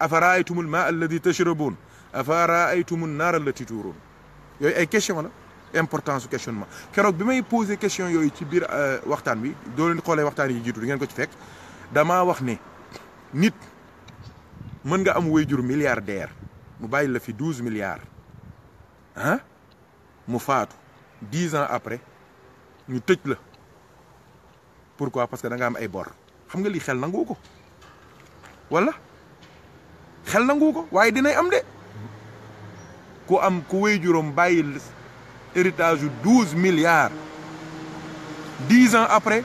أفرأيتم الماء الذي تشربون أفرأيتم النار التي تورون يو اي كيسيون لا امبورطون سو كيسيون ما كروك بيماي بوزي كيسيون يوي تي بير وقتان بي دو لين خولاي وقتان يي جيتو نين كو تي فيك داما واخ ني نيت منغا ام ويجور ملياردير مو باي لا في 12 مليار ها مو فاتو 10 ans après ñu tejj la pourquoi parce que da nga am ay bor xam nga li xel ko waye dinay am de ku am ku héritage milliards 10 ans après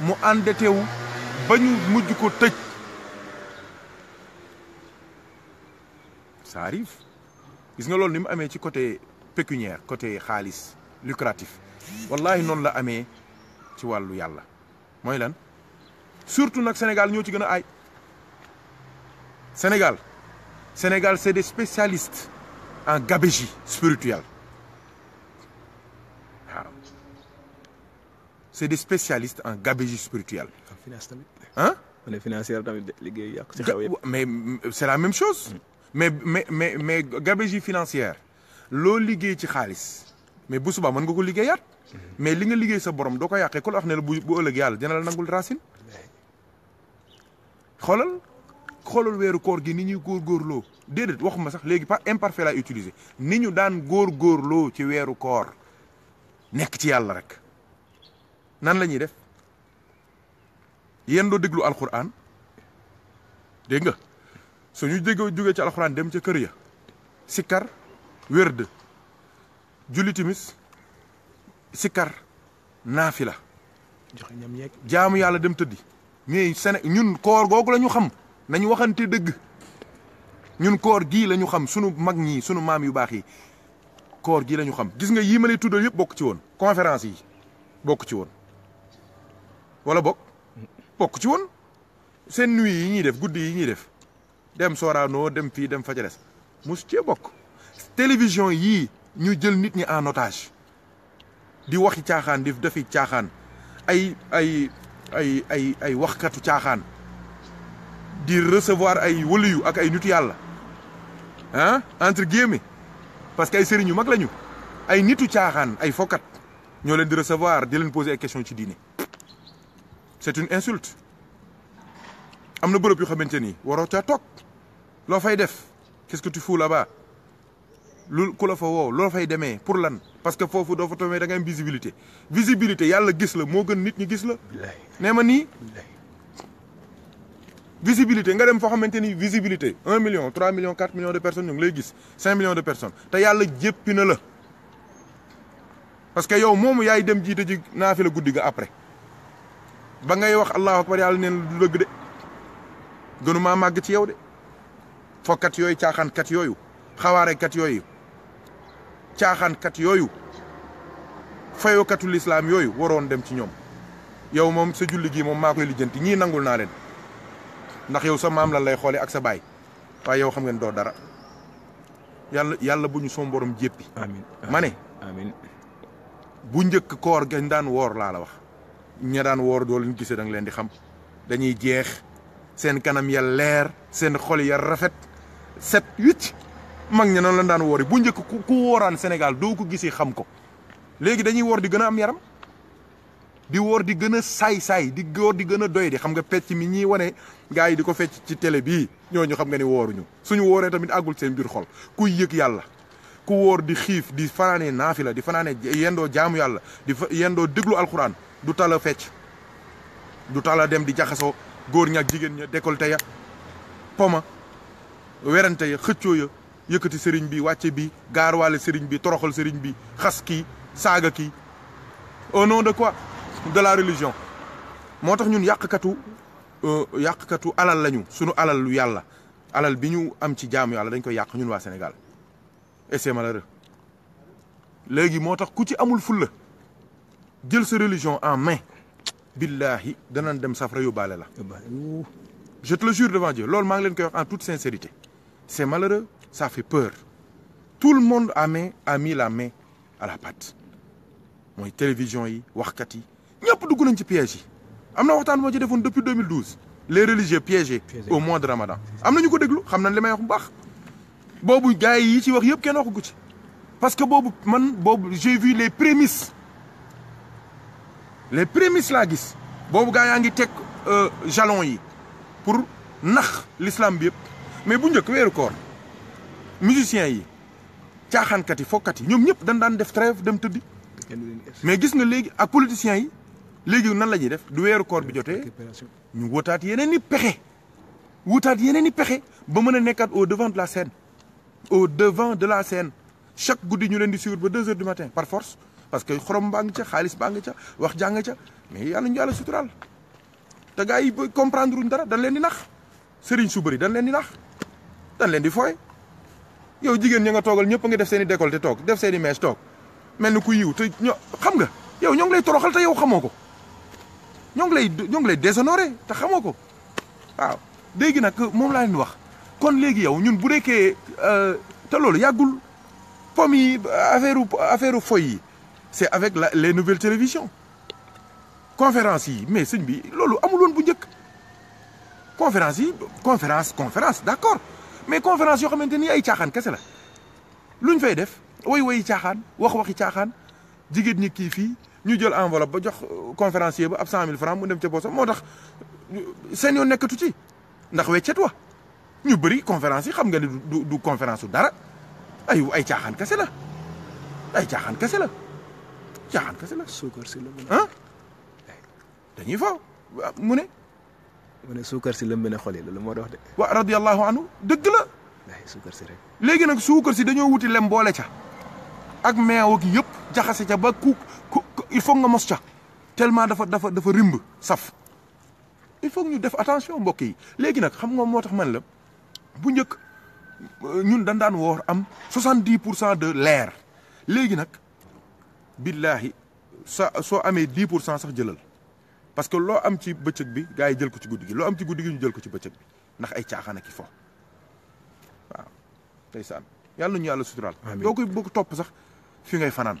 mu endetté wu bañu ko ça arrive gis nga ci côté pécuniaire côté lucratif wallahi non la amé ci yalla. lan surtout Sénégal ñoo ci Sénégal Sénégal c'est des spécialistes en gabégie spirituelle c'est des spécialistes en gabégie spirituelle. finance tamit. Hein? financière tamit liggéey yàq ci mais c'est la même chose. Mm. mais mais mais mais gabégie financière loo liggéey ci xaalis mais bu subaa nga ko liggéeyaat. Mm-hmm. mais li nga liggéey sa borom doo ko yàqee ku la wax ne la bu bu dina la nangul racine. xoolal xoolal ce koor gi ni ñuy góorgóorloo déedéet waxuma sax pas imparfait à utiliser ni ñu daan ci weeru koor nekk ci rek nan la ñuy def yéen doo déglu alxuraan dégg nga suñu déggoo jógee ci alxuraan dem ca kër ya sikkar wérd jaamu dem mais ñun koor nañu waxante dëgg ñun koor gii lañu xam sunu mag ñi sunu maam yu baax yi koor gi lañu xam gis nga yii ma lay tuddal yëpp bokk ci woon conférence yi bokk ci woon wala bokk bokk ci woon seen nuit yi ñuy def guddi yi ñuy def dem Sorano dem fii dem Fajares mos ci bokk télévision yii ñu jël nit ñi en otage di waxi caaxaan di dafi caaxaan ay ay ay ay ay waxkatu caaxaan di recevoir ay wëliyu ak ay nitu yàlla ah entre guillemets parce que ay sëriñ yu mag lañu ay nitu caaxaan ay fokat ñoo leen di recevoir di leen poser ay questions ci diine c'est une insulte am na bërëb yu xamante ni waroo caa toog loo fay def qu'est-ce que tu fous là-bas lu ku la fa woo loo fay demee pour lan parce que foofu doo fa tomee da ngay visibilité visibilité yàlla gis la moo gën nit ñi gis la nee ma visibilité nga dem fo xamanteni visibilité 1 million 3 millions 4 millions de personnes ñu lay gis 5 millions de personnes te yalla jéppi la parce que yow moomu yaay dem jiite ji nafi la guddiga après ba ngay wax allah akbar yalla neen du dëgg de gënuma mag ci yow de fokkat yooyu caaxaankat yooyu xawaarekat yooyu caaxaankat yooyu fayokatu islam yooyu waron dem ci ñom yow mom sa julli gi mom maa koy lijjanti ñii nangul na len ndax yow sa mam la lay xolé ak sa bay wa yow xam ngeen do dara yalla yalla buñu son borom amin mané amin bu ñëk koor gën daan wor la la wax ña daan wor do leen gisee da nga leen di xam dañuy jeex seen kanam ya leer seen xol ya rafet set huit mag ña non la daan woori bu ñëk ku wooraan sénégal do ko xam ko légui dañuy wor di gëna am yaram di woor di gën a saay-saay di woor di gën a doy di xam nga pecc mi ñiy wane gars yi di ko fecc ci télé bii ñu xam nga ni wooruñu suñu wooree tamit àggul seen biir xol kuy yëg yàlla ku woor di xiif di fanaanee naafila di fanaanee yendoo jaamu yàlla di yendoo déglu alxuraan du tala fecc du tala dem di jaxasoo góor ña jigéen ña décolleté ya poma werante ya xëccoo ya yëkkati sëriñ bi wàcce bi gaarwaale sëriñ bi toroxal sëriñ bi xas kii saaga ki au de la religion moo tax ñun yàqkatu euh, yàqkatu alal lañu sunu alal lu yàlla alal bi ñu am ci jaamu yàlla dañ koy yàq ñun waa Sénégal et c'est malheureux léegi moo tax ku ci amul fulla jël sa religion en main billahi danañ dem yu balé la je te le jure devant Dieu loolu ngi leen en toute sincérité c'est malheureux ça fait peur tout le monde a main a mis la main à la pâte Mon télévision yi waxkat ñëpp dugg nañ ci piège yi am na waxtaan moo ci defoon depuis 2012 les religieux piégés au mois de ramadan am na ñu ko déglu xam nañ li may wax bu baax boobu gars yi ci wax yëpp kenn waxu ci parce que boobu man boobu j'ai vu les prémices les prémices laa gis boobu gars yaa ngi teg euh, jalon yi pour nax l'islam bi yëpp mais bu njëkk weeru koor musiciens yi caaxaankat yi fokkat yi ñoom ñëpp dañ daan def trêve dem tëddi mais gis nga léegi ak politiciens yi léegi nan la ñuy def du weeru koor bi jotee ñu wutaat yeneen i pexe wutaat yeneen i pexe ba mën a nekkaat au devant de la scène au devant de la scène chaque guddi ñu leen di suivre ba deux heures du matin par force parce que xorom baa ngi ca xaalis baa ngi ca wax jàng ca mais yaa yàlla ñu yàlla suturaal te gars yi comprendre wuñ dara dañ leen di nax sëriñ su bëri dañ leen di nax dan leen di fooy yaw jigéen ña nga toogal ñëpp a ngi def seen i décolleté toog def seen i mèche toog mel ni ku yiw te ño xam nga yow ñoo ngi lay toroxal te yow xamoo ko ñoo ngi lay ñoo lay déshonoré te xamoo ko waaw léegi nag moom laa leen wax kon léegi yow ñun bu nekkee euh, te loolu yàggul pom yi affaire affaire foy yi c'est avec la les nouvelles télévisions conférence yi mais sëñ bi loolu amul woon bu njëkk conférence yi conférence conférence d'accord mais conférence yoo xamante ni ay caaxaan kese la luñ fay def way way caaxaan wax waxi caaxaan jigéen ñi kii fii ñu jël enveloppe ba jox conférencier ba ab cent mille francs mu dem ca boosam moo tax seen yoon nekkatu ci ndax weccet wa ñu bëri conférence yi xam nga ni du du conférence su dara ay ay caaxaan kese la ay caaxaan kese la caaxaan kese la. suukar si lëmb na ah dañuy fo mu ne. mu ne suukar si lëmb na xol yi loolu moo dox de. wa radiyallahu anhu dëgg la. suukar si rek. léegi nag suukar si dañoo wuti lem boole ca. ak meew ak yëpp. jaxase ca ba ku il faut nga mos ca tellement dafa dafa dafa rimb saf il faut ñu def attention mbokk yi légui nak xam nga motax man la bu ñëk euh, ñun dañ daan wor am 70 pour de l'air légui nak billahi sa soo 10 pour sax jëlal parce que lo am ci beccëk bi gaay jël ko ci guddigi lo am ci guddigi ñu jël ko ci beccëk bi ndax ay tiaxana ki fo waaw ndeysaan yalla ñu yalla sutural doo koy boo ko sax fi ngay fanane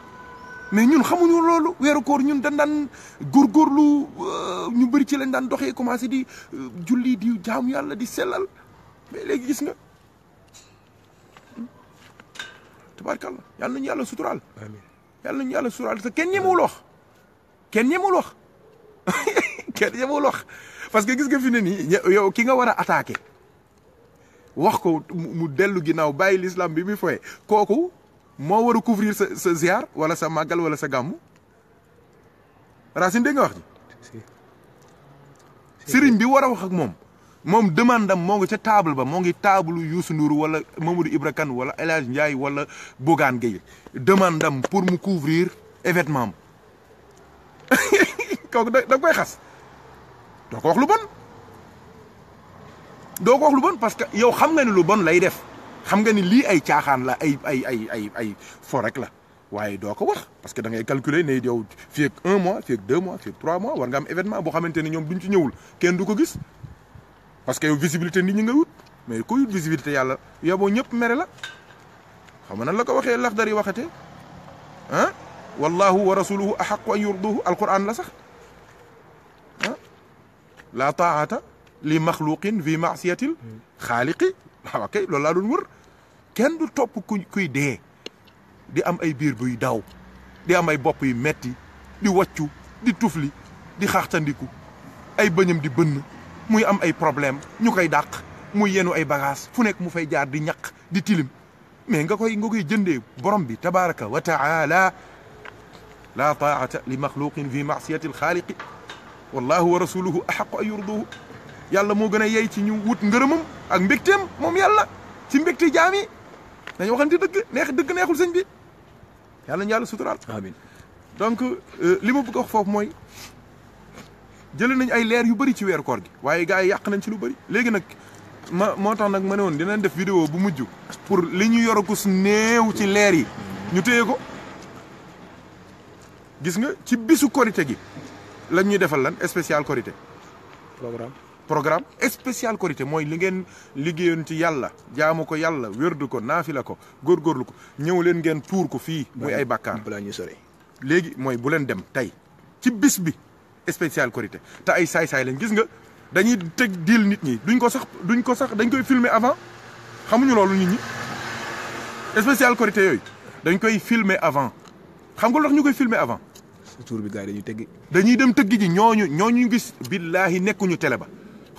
mais ñun xamuñu loolu wéru koor ñun dañ gor góorgóorlu euh, ñu bari ci lañ dan doxé commencé di euh, julli di jaamu yalla di selal mais légui gis nga yalla ñu yalla sutural amin yalla ñu yalla sutural te kenn ñemewul wax kenn ñemewul wax kenn ñemewul wax parce que gis nga fi ne yow ki nga wara attaquer wax ko mu delu ginaaw bayil islam bi mi foye koku mo war couvrir sa sa ziar wala sa magal wala sa gamu racine de nga wax ni serigne bi wara wax ak mom mom demande am ngi ci table ba mo ngi table Youssou Ndour wala Mamadou Ibrakan wala elage ndjay bogan wala bogan Gueye demande am pour mu couvrir événement am da koy xas da ko wax lu bon do ko wax lu bon parce que yow xam nga ni lu bon lay def xam nga ni lii ay caaxaan la ay ay ay ay ay fo rek la waaye doo ko wax parce que da ngay calculer ne yow fii ak un mois fii ak deux mois fii ak trois mois war nga am événement boo xamante ni ñoom duñ ci ñëwul kenn du ko gis parce que yow visibilité nit ñi nga wut mais ku wut visibilité yàlla yoboo ñëpp mere la xam nga nan la ko waxee laxdar yi waxatee ah wallahu wa rasuluhu ahaqu an yurduhu alquran la sax ah la taata li maxluqin fi maasiyatil xaaliqi waaw kay loolu laa doon wër kenn du topp ku kuy dee di am ay biir buy daw di am ay bopp yu metti di waccu di tufli di xaaxtandiku ay bëñam di bënn muy am ay problème ñu koy dàq muy yenu ay bagage fu nekk mu fay jaar di ñaq di tilim mais nga koy nga koy jëndee borom bi tabaraka wa taala la taata li maxluqin fi maasiyati alxaaliqi wallahu wa rasuluhu axaqu an yurduhu yàlla moo gën a yey ci ñu wut ngërëmam ak mbégteem moom yàlla ci mbégte jaam yi dañu waxante dëgg neex dëgg neexul sëñ bi yàlla ñu yàlla suturaal donc euh, li ma bëgg wax foofu mooy jëlee nañ ay leer yu bëri ci weeru koor gi waaye gars yi yàq nañ ci lu bëri léegi nag ma moo tax nag ma ne woon dinañ def vidéo bu mujj pour li ñu yoragus néew ci leer yi ñu téye ko gis nga ci bisu korité gi lañ ñuy defal lan spécial korité programme programme spécial corité moy li ngeen ci jaamu ko yalla ko nafila ko gorlu ko ñew leen ngeen ko fi, ay dem tay. ci spécial corité Taï, ay say say lañ gis nga dañuy nit ñi duñ ko sax duñ ko sax dañ koy filmer avant xamuñu lolu nit ñi spécial yoy dañ koy filmer avant xam nga avant. tour bi dañuy dem ji ñoñu ñoñu gis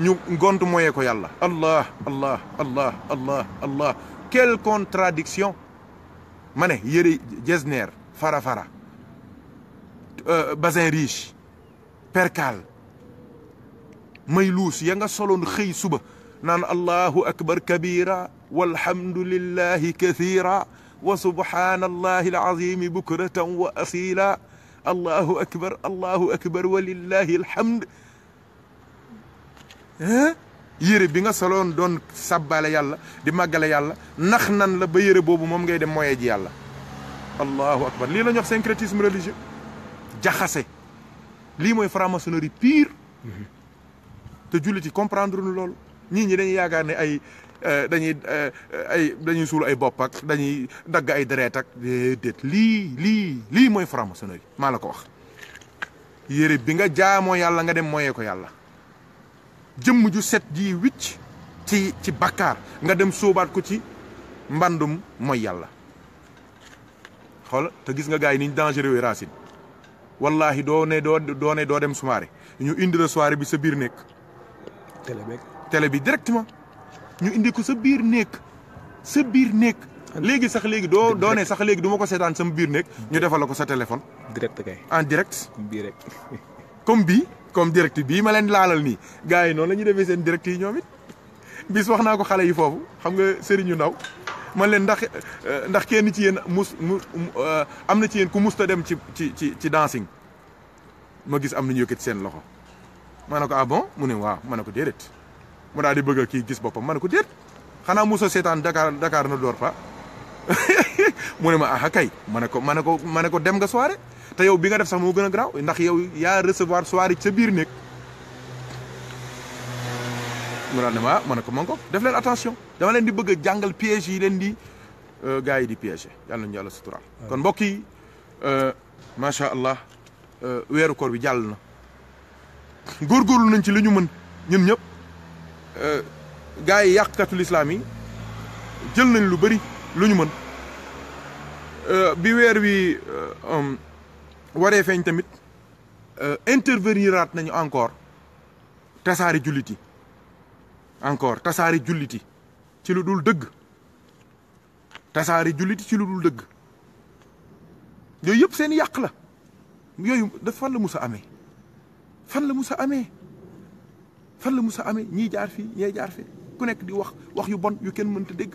ñu ngont moyee ko yàlla allah allah allah allah allah quelle contradiction ma ne yëre jesner fara fara bazin riche percal may luus ya nga soloon xëy suba naan allahu akbar kabira walhamdulillahi kathira wa subhanallahi alazimi bukratan wa asila allahu akbar allahu akbar walillahi alhamd yere bi nga salon don sabbal yalla di magal yalla nax nan la ba yere bobu mom ngay dem moye ji yalla allahu akbar li lañ wax syncretisme religieux jaxasse li moy franc-maçonnerie pire te jullit comprendre nu lol ñii ñi dañuy yaakaar ne ay euh, dañuy euh, ay dañuy suul ay bop ak dañuy dag ay deret ak det li li li moy franc-maçonnerie maa ko wax yere bi nga jaamo yalla nga dem moye ko yalla jëm ju set ji wicc ci ci bakar nga dem sobat ko ci mbandum moy yalla xol te gis nga gaay ni niñ dangereux racine wallahi do ne do do ne do dem soirée ñu indi le soirée bi sa bir nek télé bi télé bi directement ñu indi ko sa bir nek sa bir nek légui sax légui do do ne sax légui duma ko sétane sa bir nek ñu defal ko sa téléphone direct kay en direct bi rek comme bi comme direct bii ma leen laalal nii gars yi noonu la ñuy defee seen direct yi ñoom it bis wax naa ko xale yi foofu xam nga sëriñu ndaw man leen ndax euh, ndax kenn ci yéen mus mu euh, am na ci yéen ku musta dem ci ci ci ci dancing ma gis am nañu yëkkati seen loxo ma ne ko ah mu ne waaw ma ne ko déedéet mu daal di bëgg a gis boppam ma ne ko déet xanaa muso seetaan Dakar Dakar na door fa mune ma ah kay manako manako manako dem nga soirée te yow bi nga def sax mo gëna graw ndax yow ya recevoir soirée ci bir nek mu daal ma ah, ma def len attention dama len di bëgg jangal piège yi len di euh gaay di setoran. yalla ñu yalla sutural kon mbokk yi euh, sha allah euh, wéru koor bi jall na gorul nañ ci li ñu mën ñun ñëpp euh, gars yi yàqkatu lislaam yi jël nañ lu bari lu ñu mën Euh, bi weer wi euh, um, waree feeñ tamit euh, interveniraat nañu encore tasaari jullit yi encore tasaari jullit yi ci lu dul dëgg tasaari jullit ci lu dul dëgg yooyu yëpp seen yàq la yooyu da fan la mus a amee fan la mus a amee fan la mus a amee ñii jaar fi ñee jaar fii ku nekk di wax wax yu bon yu kenn mënta dégg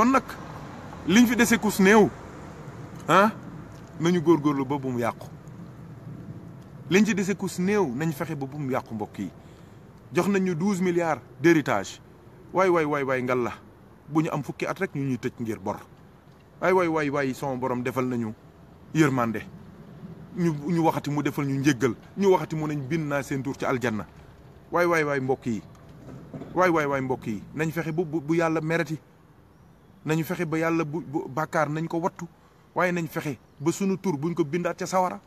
kon nag liñ fi desee kus néew ah nañu góorgóorlu ba bu mu yàqu liñ ci dese kus néew nañu fexe ba bu mu yàqu mbokk yi jox nañ ñu douze milliards d'héritage waay waay waay waay ngal la bu ñu am fukki at rek ñu ñuy tëj ngir bor waay waay waay waay sama borom defal nañu yërmande ñu ñu waxati mu defal ñu njéggal ñu waxati mu nañ bind naa seen tur ci aljana waay waay mbokk yi waay waay waay mbokk yi nañ fexe bu bu yàlla mereti nañu fexe ba yàlla bu bàkkaar nañ ko wattu waaye nañ fexe ba sunu tur buñ ko bindaat ca sawara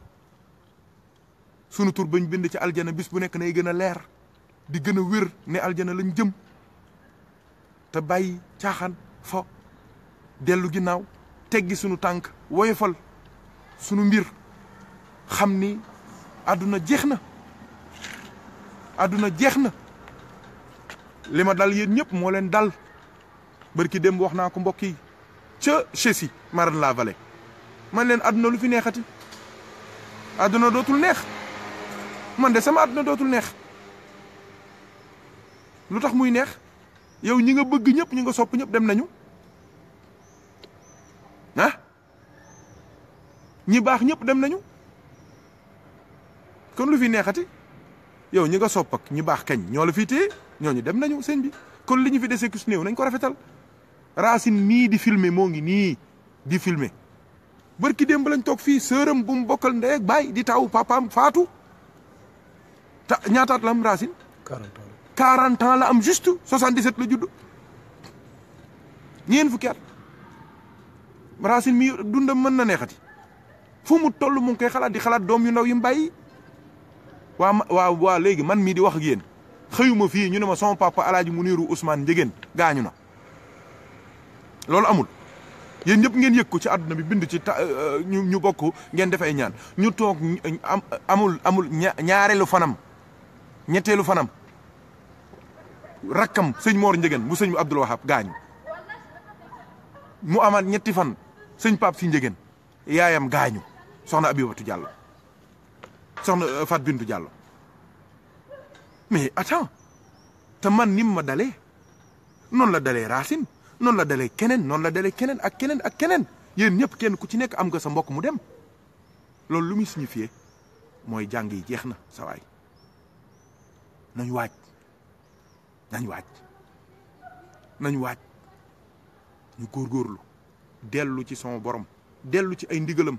sunu tur bañ bind ci aljana bis bu nekk nay gën a leer di gën a wér ne aljana lañ jëm te bàyyi caaxaan fo dellu ginnaaw teggi sunu tànk woyofal sunu mbir xam ni àdduna jeex na àdduna jeex na li ma dal yéen ñëpp moo leen dal bërki démb wax naa ko mbokk yi ca Chessy Marne la Vallée man leen àdduna lu fi neexati àdduna dootul neex man de sama àdduna dootul neex lu tax muy neex yow ñi nga bëgg ñëpp ñi nga sopp ñëpp dem nañu ah ñi baax ñëpp dem nañu kon lu fi neexati yaw ñi nga sopp ak ñi baax kañ ñoo la fiy ñoo ñooñu dem nañu sëñ bi kon li ñu fi dese si néew nañ ko rafetal racine mi di filmé mo ngi ni di filmé barki dem lañ tok fi seureum bu mu bokal ndey ak bay di taw papam fatou ta ñaatat lam racine 40 ans 40 ans la am juste 77 la judd ñeen fukkat rasin racine mi dundam man na neexati fu mu tollu mu ngi koy xalaat di xalaat dom yu ndaw yu mu wa wa wa legi man mi di wax ak yeen xeyuma fi ñu ne ma son papa alaaji munirou ousmane djegen gaañu na loolu amul yéen ñëpp ngeen yëg ko ci àdduna bi bind ci ta euh, euh, ñu ñu bokk ngeen def ay ñaan ñu toog euh, amul amul ñaareelu fanam ñetteelu fanam rakkam sëñ Mor Njëgeen mu sëñ Abdul Wahab gaañu mu amaat ñetti fan sëñ Pape si Njëgeen yaayam gaañu soxna Abibatu jàll soxna Fat bindu Diallo mais attends te man nim ma dalee noonu la dale Racine non la dalé kenen non la dalé kenen ak kenen ak kenen yeen ñep kenn ku ci nek am nga sa mbokk mu dem loolu lu mi signifier moy jangii jeexna sa way nañ waaj nañ waaj nañ waaj ñu góorgóorlu delu ci son borom delu ci ay gor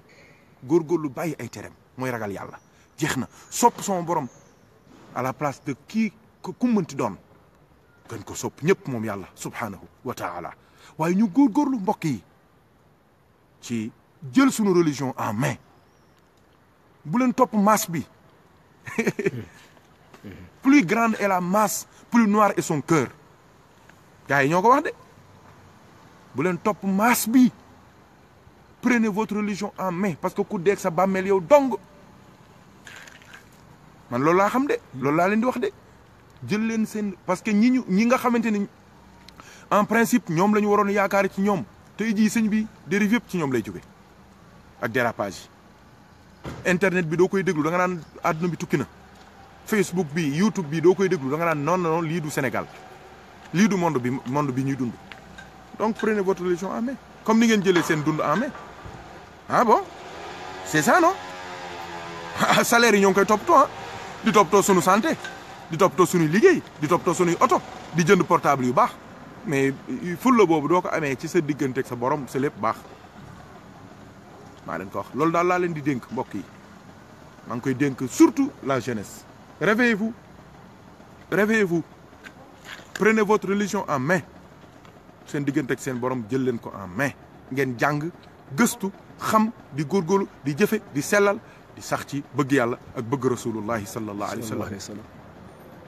góorgóorlu bàyyi ay terem moy ragal yalla jeexna sop borom à la place de qui ku ti doon gën ko sopp ñëpp moom yàlla subhanahu wa taala waaye ñu góorgóorlu mbokk yi ci jël sunu religion en main bu leen topp masse bi plus grande est la masse plus noir est son cœur gars yi ñoo ko wax de bu leen topp masse bi prenez votre religion en main parce que ku deeg sa bàmmeel yow dong man loolu laa xam de loolu laa leen di wax de parce que nous en principe nous devons faire des ci bi sommes dérapage internet bi Facebook YouTube bi non, non non du Sénégal Ce du monde monde donc prenez votre religion en comme vous ngeen votre en ah bon c'est ça non ah, salaire est top koy top top ah. di santé di to suñuy liggéey di to suñuy auto di jënd portable yu baax mais euh, fulla bobu doo ko amee ci sa digënté ak sa borom c'est lépp baax ma leen ko wax loolu daal la leen di denk mbokk yi ma ngi koy denk surtout la jeunesse réveillez-vous réveillez-vous prenez votre religion en main seen digënté ak seen borom jël leen ko en main ngeen jàng gëstu xam di gorgolu di jëfe di sellal di sax ci bëgg yàlla ak bëgg rasulullahi sallallahu alayhi wa sallam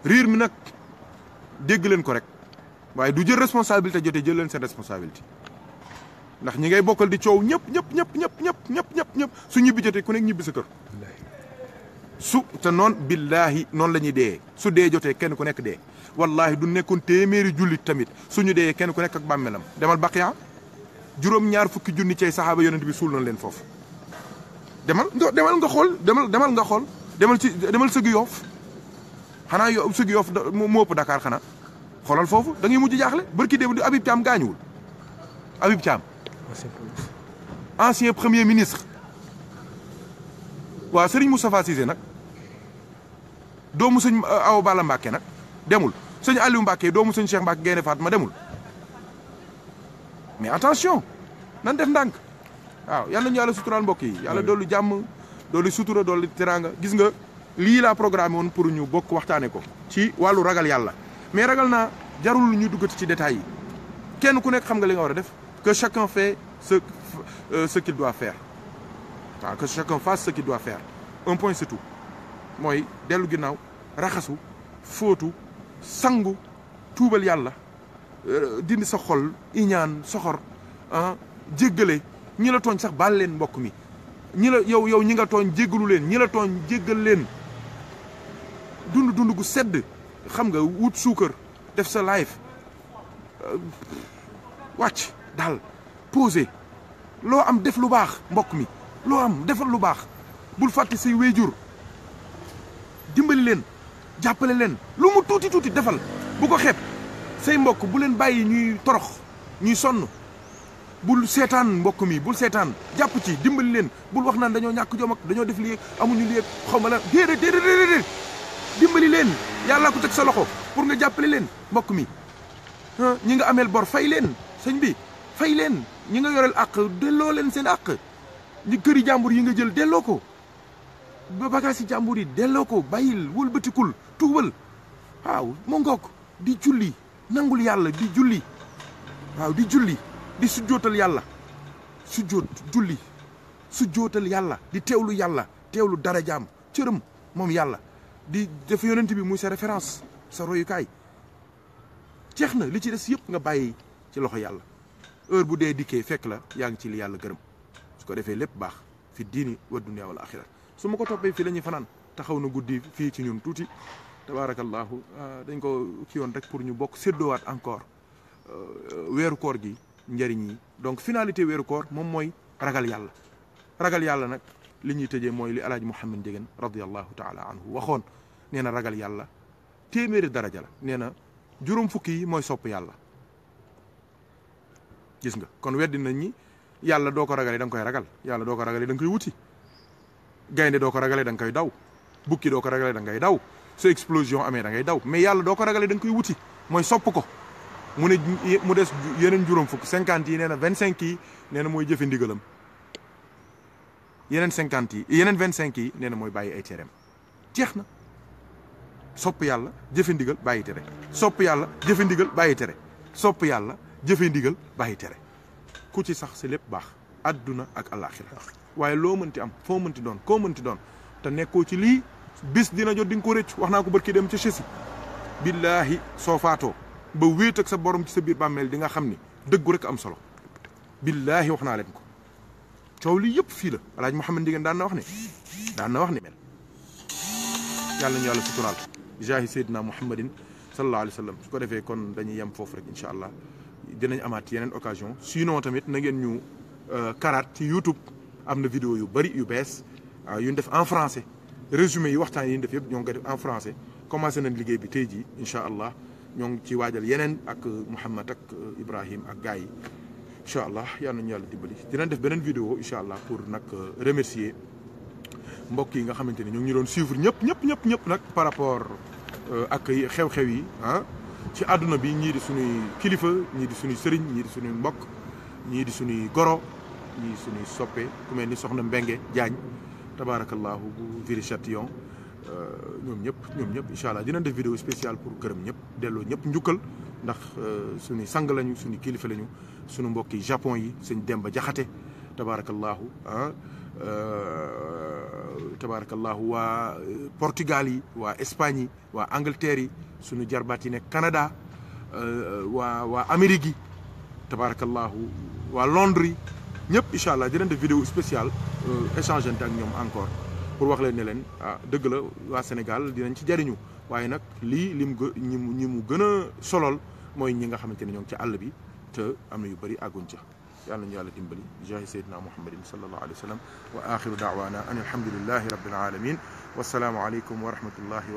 riir mi nag dégg leen ko rek waaye du jël responsabilité jote jël leen seen responsabilité ndax ñi ngay bokkal di coow ñëpp ñëpp ñëpp ñëpp ñëpp ñëpp ñëpp ñëpp su ñibbi jotee ku nekk ñibbi sa kër. su te noon billaahi noonu la ñuy dee su dee jote kenn ku nekk dee wallaahi du nekkoon téeméeri jullit tamit su ñu dee kenn ku nekk ak bàmmeelam demal Baqiya juróom ñaar fukki junni cey saxaaba yonent bi suul nañ leen foofu demal demal nga xool demal demal nga xool demal ci demal sëgg yoof xanaa yo sug yoof moo ëpp Dakar xanaa xoolal foofu da ngay mujj jaaxle barki démb di Habib Thiam gaañuwul Habib Thiam ancien premier ministre waaw Serigne Moustapha Cissé nag doomu sëñ euh, Awa bala Mbacke nag demul sëñ Aliou Mbacke doomu sëñ Cheikh Mbacke Gaynde Fatma demul mais attention nan def ndànk waaw yal nañu yàlla suturaal mbokk yi yàlla doolu jàmm doolu sutura doolu teraanga gis nga li la programme on pour ñu bokk waxtane ko ci walu ragal yalla mais ragal na jarul ñu duggati ci détail yi kenn ku nekk xam nga li nga wara def que chacun fait ce euh, ce qu'il doit faire waaw que chacun fasse ce qu'il doit faire un point c'est tout moy delu ginnaw raxasu fóotu sangu tuubal yàlla euh, dindi sa xol iñaan soxor ah jéggale ñi la tooñ sax baal leen mbokk mi ñi la yow yow ñi nga tooñ jéggalu leen ñi la tooñ jéggal leen dund dund gu sedd xam nga wut suukar def sa live euh, wàcc daal posé loo am def lu baax mbokk mi loo am defal lu baax bul fàtte say wéyjur dimbali leen jàppale leen lu mu tuuti tuuti defal bu ko xeeb say mbokk bu leen bàyyi ñuy torox ñuy sonn bul seetaan mbokk mi bul seetaan jàpp ci dimbali leen bul wax naan dañoo ñàkk jom dañoo def lii amuñu lii xaw ma la déedéet déedéet dimbali len yalla ko tek sa loxo pour nga jàppale len mbok mi ñi nga amel bor fay len señ bi fay len ñi nga yoreel àq delloo len sen ak ñi keuri jambour yi nga jël delloo ko ba bagasi jambour yi delloo ko bàyyil wëlbatikul tuubal waaw mo ngok di julli nangul yalla di julli waaw di julli di sujjootal yalla, sujjoot julli sujjootal yalla, di yalla tewlu dara jam cërëm mom yalla di def yonent bi muy sa reference sa royu kay na li ci dess yep nga baye ci loxo yalla heure bu dee diké fek la yang ci li yalla gërem su ko defee lépp fi dini wa dunia wal akhirah su ma ko toppee fanan la ñuy fanaan taxaw na guddi fii ci ñun tuuti tabarakallah ah, dañ ko ki won rek pour ñu seddo wat encore euh, wéru koor gi njëriñ donc finalité wéru koor mom moy ragal yalla ragal yalla nak li ñuy tëjee li alaaj degen radiyallahu taala anhu waxoon nee na ragal yàlla téeméeri daraja la nee na juróom fukki yi mooy sopp yàlla gis nga kon weddi nañ ñi yàlla doo ko ragalee da koy ragal yàlla doo ko ragalee da koy wuti gaynde doo ko ragalee da nga koy daw bukki doo ko ragalee da ngay daw su explosion amee da ngay daw mais yàlla doo ko ragalee da koy wuti mooy sopp ko mu ne mu des yeneen juróom fukk cinquante yi nee na vingt cinq yi nee na mooy jëfe ndigalam yeneen cinquante yi yeneen vingt cinq yi nee na mooy bàyyi ay tereem jeex na sopp yàlla jëfe ndigal bàyyi tere sopp yàlla jëfe ndigal bàyyi tere sopp yàlla jëfe ndigal bàyyi tere ku ci sax si lépp baax àdduna ak àllaaxira waaye loo mënti am foo mënti doon koo mënti doon te nekkoo ci lii bis dina jot di ko rëcc wax naa ko barki dem ci chesi billaahi soo faatoo ba wéet ak sa borom ci sa biir bàmmeel di nga xam ni dëggu rek am solo billaahi wax naa leen ko coow lii yëpp fii la alaaj Mouhamed Ndieguene daan na wax ne daan na wax ne mel yàlla ñu jaahi sayyidina muhammadin sallallahu alayhi wa sallam su ko defee kon dañuy yem foofu rek incha allah dinañ amaat yeneen occasion sinon tamit na ngeen ñu euh, karaat ci youtube am na vidéo yu bëri yu bees euh, yu ñu def en français résumé yi waxtaan yi ñu def yëpp ñoo ngi ko def en français commencé nañ liggéey bi tey jii incha allah ñoo ngi ci waajal yeneen ak euh, Mouhamed ak Ibrahim ak gars yi incha allah yal nañu yàlla dimbali dinañ def beneen vidéo incha allah pour nag remercier mbokk yi nga xamante ni ñu ngi ñu doon suivre ñëpp ñëpp ñëpp ñëpp nag par rapport euh, ak xew-xew yi ah ci àdduna bi ñii di suñuy kilifa ñii di suñuy sëriñ ñii di suñuy mbokk ñii di suñuy goro ñii suñuy soppe ku mel ni soxna Mbengue Diagne tabaarakallaahu bu Viry-Châtillon euh, ñoom ñëpp ñoom ñëpp incha allah dinañ def vidéo spéciale pour gërëm ñëpp delloo ñëpp njukkal ndax euh, suñu sang lañu suñu kilifa lañu suñu mbokk yi japon yi sëñ Demba Jaxate tabaarakallaahu ah Euh, tabaarakallahu waa euh, Portugal yi waa Espagne yi waa Angleterre yi suñu jarbaat yi nekk Canada euh, waa waa Amérique yi tabaarakallahu waa Londres yi ñëpp incha allah dinañ def vidéo spéciale échange ak ñoom encore pour wax leen ne leen ah dëgg la waa Sénégal dinañ ci jariñu waaye nag lii lim gë ñi mu ñi mu gën a solol mooy ñi nga xamante ne ñoo ci àll bi te am na yu bëri àgguñ ca يالا نيالا ديمبلي جاه سيدنا محمد صلى الله عليه وسلم واخر دعوانا ان الحمد لله رب العالمين والسلام عليكم ورحمه الله وبركاته